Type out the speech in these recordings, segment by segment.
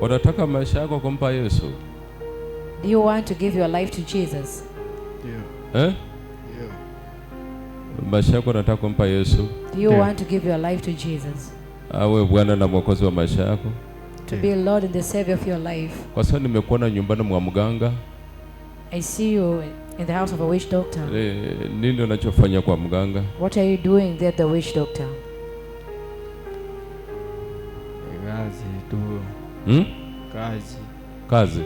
Unataka maisha yako kumpa Yesu? You want to give your life to Jesus? Ndio. Eh? Ndio. Maisha yako unataka kumpa Yesu? Do You Dio. want to give your life to Jesus? Awe Bwana na Mwokozi wa maisha yako. To be Lord and the Savior of your life. Kwa sababu nimekuona nyumbani mwa mganga. I see you in the house of a witch doctor. E, nini unachofanya kwa mganga? What are you doing there the witch doctor? Kazi tu hmm? kazi kazi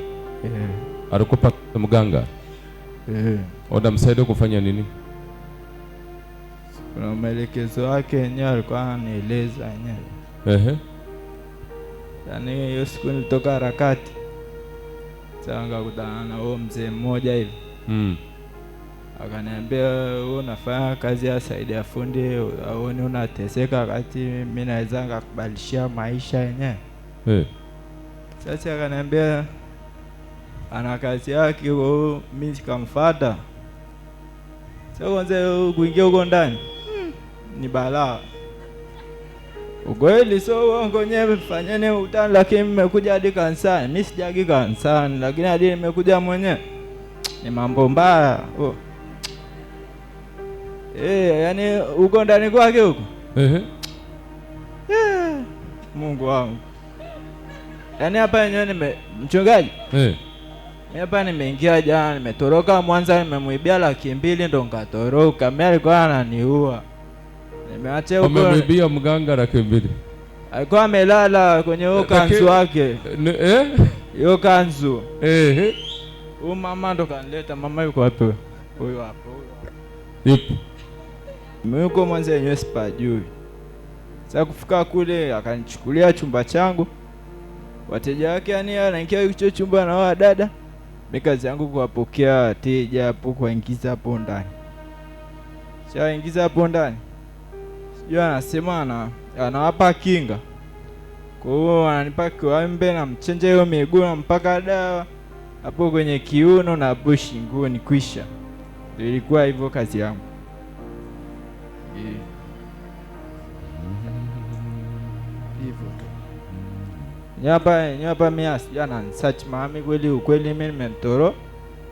yeah. alikupa mganga yeah. Unamsaidia kufanya nini? Kuna maelekezo yake yenyewe alikuwa ananieleza yenyewe. Ehe. Yaani hiyo siku nilitoka harakati sasa kutana na huo mzee mmoja hivi mm. Akaniambia wewe unafanya kazi ya ya fundi, auoni unateseka, wakati mimi naweza nikakubadilishia maisha yenyewe hey. Eh. Sasa akaniambia ana kazi yake huko, mimi nikamfuata. Sasa kwanza kuingia huko ndani hmm. ni balaa ukweli, so wongo nyewe, fanyeni utani, lakini mmekuja hadi kansani. Mimi sijagi kansani, lakini hadi nimekuja mwenyewe ni mambo mbaya oh. Eh, yani uko ndani kwake huko. Eh, Mungu wangu yaani hapa yenyewe nime mchungaji eh. Mi hapa nimeingia jana, nimetoroka Mwanza, nimemwibia laki mbili ndo nikatoroka. Mi alikuwa ananiua, nimeacha huko. Umemwibia mganga laki mbili? Alikuwa amelala kwenye hiyo kanzu wake, hiyo eh? kanzu. Eh. Huyu mama ndo kanileta. Mama yuko wapi? Huyu hapo, yupo yuko Mwanza yenyewe, sipajui. Sasa kufika kule, akanichukulia chumba changu wateja wake, yani anaingia hicho chumba na wao dada. Mimi kazi yangu kuwapokea wateja hapo, kuwaingiza hapo ndani, shawaingiza hapo ndani, sijui anasema ana anawapa kinga. Kwa hiyo ananipa kiwambe na mchenja hiyo miguu na mpaka dawa hapo kwenye kiuno na hapo ni kwisha. Ilikuwa hivyo kazi yangu yeah. nyaba yenyewe mimi asijua ananisearch mami, kweli ukweli mimi nimetoro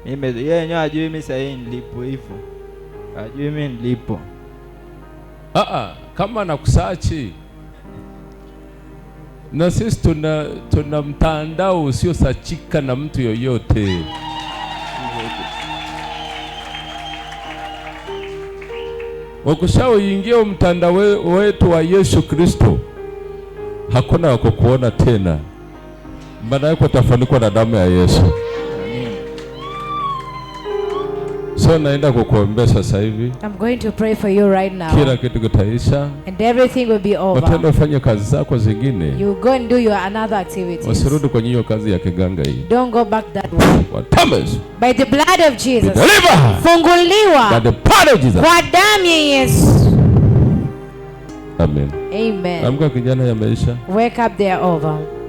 mimi, yeye yenyewe ajui mimi sasa hivi nilipo, hivyo ajui mimi nilipo. Ah ah, kama nakusachi na sisi tuna, tuna mtandao sachika na mtu yoyote. Wakushao ingia mtandao wetu wa Yesu Kristo hakuna wa kukuona tena, maana yako utafunikwa na damu ya Yesu. So naenda kukuombea sasa hivi. I'm going to pray for you right now. Kila kitu kitaisha. And everything will be over. Utaenda ufanye kazi zako zingine. You go and do your another activities. Usirudi kwenye hiyo kazi ya kiganga hii. Don't go back that way. Kwa damu. By the blood of Jesus. Deliver. Funguliwa. By the blood of Jesus. Kwa damu ya Yesu. Amen. Amen. Amka kijana ya maisha. Wake up there over.